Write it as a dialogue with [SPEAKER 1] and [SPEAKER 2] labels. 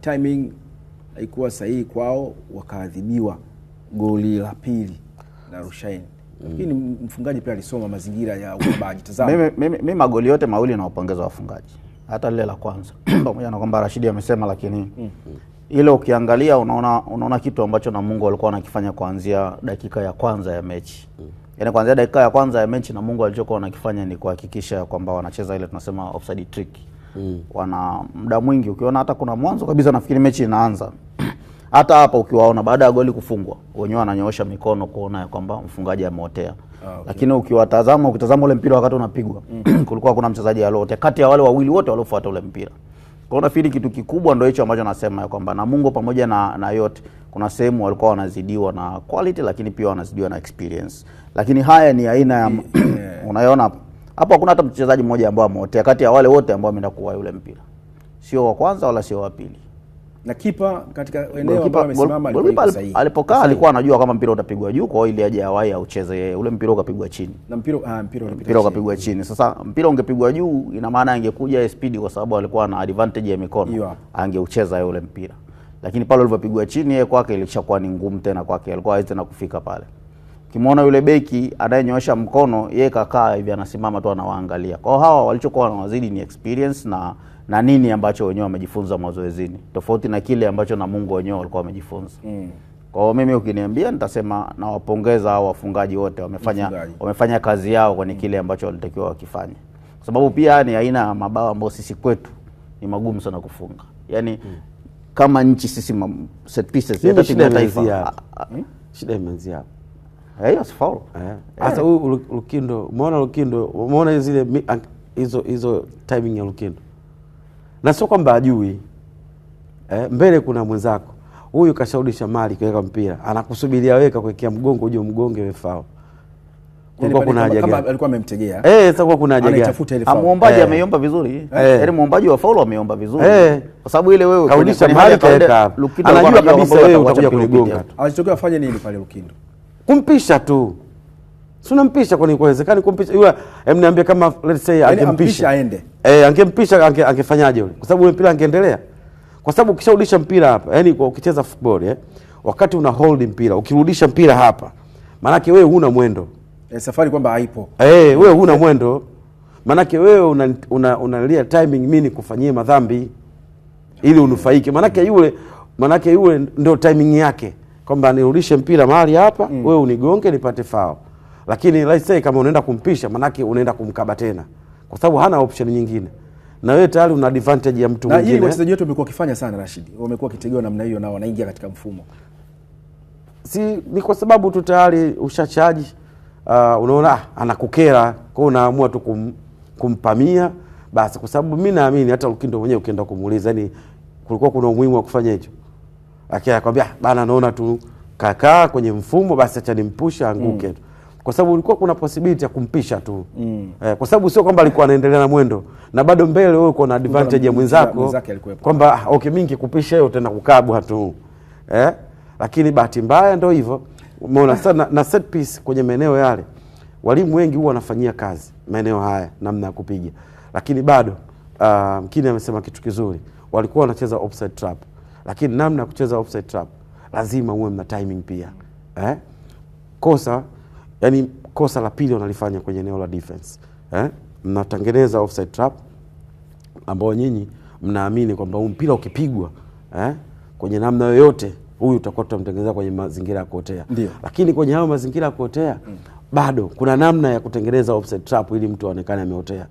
[SPEAKER 1] timing haikuwa sahihi kwao, wakaadhibiwa goli la pili na Rushaini. Lakini mm. mfungaji pia alisoma mazingira ya ukabaji. Tazama
[SPEAKER 2] mimi magoli yote mawili nawapongeza wafungaji, hata lile la kwanza pamoja na kwamba Rashidi amesema, lakini mm. mm. ile ukiangalia unaona, unaona kitu ambacho na mungu alikuwa anakifanya kuanzia dakika ya kwanza ya mechi mm. Yaani kuanzia dakika ya kwanza ya mechi na mungu alichokuwa anakifanya ni kuhakikisha kwamba wanacheza ile tunasema offside trick mm. wana muda mwingi. Ukiona hata kuna mwanzo kabisa nafikiri mechi inaanza hata hapa ukiwaona baada ya goli kufungwa wenyewe wananyoosha mikono kuona kwamba mfungaji ameotea. Ah, okay. Lakini ukiwatazama ukitazama ule mpira wakati unapigwa mm. kulikuwa kuna mchezaji alote kati ya wale wawili wote waliofuata ule mpira. Kwa hiyo nafikiri kitu kikubwa ndio hicho ambacho nasema ya kwamba Namungo pamoja na, na yote kuna sehemu walikuwa wanazidiwa na quality, lakini pia wanazidiwa na experience, lakini haya ni aina ya, ya unayoona hapo hakuna hata mchezaji mmoja ambao ameotea kati ya wale wote ambao wameenda kuwa yule mpira. Sio wa kwanza wala sio wa pili.
[SPEAKER 1] Na kipa katika eneo ambalo amesimama
[SPEAKER 2] alikuwa sahihi. Alipokaa alikuwa anajua kama mpira utapigwa juu, kwa hiyo ili aje awai aucheze yeye. Ule mpira ukapigwa chini.
[SPEAKER 1] Na mpira ah, mpira ulipigwa mpira
[SPEAKER 2] ukapigwa chini. Sasa mpira ungepigwa juu, ina maana angekuja speed kwa sababu alikuwa na advantage ya mikono. Angeucheza yule mpira. Lakini pale ulipopigwa chini yeye kwake ilishakuwa ni ngumu tena kwake. Alikuwa hawezi tena kufika pale kimwona yule beki anayenyoosha mkono, yeye kakaa hivi anasimama tu anawaangalia. kwao hawa walichokuwa wanawazidi ni experience na na nini ambacho wenyewe wamejifunza mazoezini, tofauti na kile ambacho na mungu wenyewe walikuwa wamejifunza mm. Kwa hiyo mimi ukiniambia, nitasema nawapongeza hao wafungaji wote, wamefanya Mfungaji. wamefanya kazi yao kwenye kile ambacho walitakiwa wakifanya kwa sababu pia ni yaani aina ya mabao ambayo sisi kwetu ni magumu sana kufunga yani mm. kama nchi sisi set pieces
[SPEAKER 1] ya taifa, ah, ah, shida imeanzia hapo Eh, hiyo sifaulu. Sasa eh, eh. huyu Lukindo, umeona Lukindo, umeona zile hizo hizo timing ya Lukindo, na sio kwamba ajui eh, mbele kuna mwenzako huyu kashaudisha mali kaweka mpira anakusubiria weka kuwekea mgongo uje mgonge we faul. Kulikuwa kuna haja gani?
[SPEAKER 2] Alikuwa amemtegea
[SPEAKER 1] eh, sasa kwa kuna haja
[SPEAKER 2] gani? Amuombaji ameiomba vizuri, yaani muombaji wa faulu ameomba vizuri, yaani kwa sababu ile wewe
[SPEAKER 1] kaudisha mali kiweka, anajua kabisa wewe utakuja kunigonga. Alichotokea afanye nini pale Lukindo?
[SPEAKER 2] kumpisha tu, si unampisha. Kwani kuwezekani kumpisha yule? Mniambie kama let's say
[SPEAKER 1] yaani angempisha aende
[SPEAKER 2] eh, angempisha ange, angefanyaje yule? Kwa sababu yule mpira angeendelea, kwa sababu ukisharudisha mpira hapa, yani kwa ukicheza football eh, wakati una hold mpira ukirudisha mpira hapa, maanake wewe huna mwendo
[SPEAKER 1] eh, safari kwamba haipo
[SPEAKER 2] eh, wewe huna mwendo maanake wewe unalia una, una timing mimi nikufanyie madhambi ili unufaike, maanake yule maanake yule ndio timing yake kwamba nirudishe mpira mahali hapa mm. wewe unigonge nipate fao, lakini let's say kama unaenda kumpisha, manake unaenda kumkaba tena, kwa sababu hana option nyingine na wewe tayari una advantage ya mtu mwingine.
[SPEAKER 1] Na hili wachezaji wetu wamekuwa wakifanya sana Rashid, wamekuwa wakitegewa namna hiyo na wanaingia katika mfumo,
[SPEAKER 2] si ni kwa sababu tu tayari ushachaji uh, unaona ah, anakukera kwao, unaamua tu kum, kumpamia basi, kwa sababu mimi naamini hata ukindo mwenyewe ukienda kumuuliza, yani kulikuwa kuna umuhimu wa kufanya hicho akia anakwambia bana, naona tu kakaa kwenye mfumo, basi acha nimpusha anguke mm. kwa sababu ulikuwa kuna possibility ya kumpisha tu mm. eh, kwa sababu sio kwamba alikuwa anaendelea na mwendo na bado mbele wewe uko na advantage ya mwenzako kwamba ah, okay, mimi nikikupisha hiyo tena kukabwa tu eh? Lakini bahati mbaya ndio hivyo umeona sana na set piece kwenye maeneo yale, walimu wengi huwa wanafanyia kazi maeneo haya namna ya kupiga, lakini bado uh, Mkini amesema kitu kizuri, walikuwa wanacheza offside trap lakini namna ya kucheza offside trap lazima uwe mna timing pia eh? Kosa yani, kosa la pili wanalifanya kwenye eneo la defense eh? Mnatengeneza offside trap ambao nyinyi mnaamini kwamba huu mpira ukipigwa eh? kwenye namna yoyote huyu utakuwa tutamtengeneza kwenye mazingira ya kuotea, lakini kwenye hayo mazingira ya kuotea mm, bado kuna namna ya kutengeneza offside trap ili mtu aonekane ameotea.